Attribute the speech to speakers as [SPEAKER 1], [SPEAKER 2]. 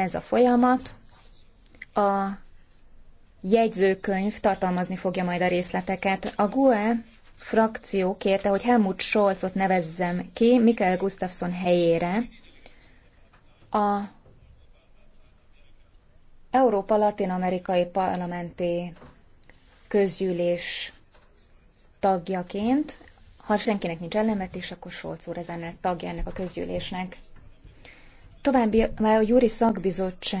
[SPEAKER 1] ez a folyamat. A jegyzőkönyv tartalmazni fogja majd a részleteket. A GUE frakció kérte, hogy Helmut Scholzot nevezzem ki Mikael Gustafsson helyére a Európa-Latin-amerikai parlamenti közgyűlés tagjaként. Ha senkinek nincs ellenvetés, akkor Scholz úr ezen tagja ennek a közgyűlésnek. További a Júri
[SPEAKER 2] Szakbizottság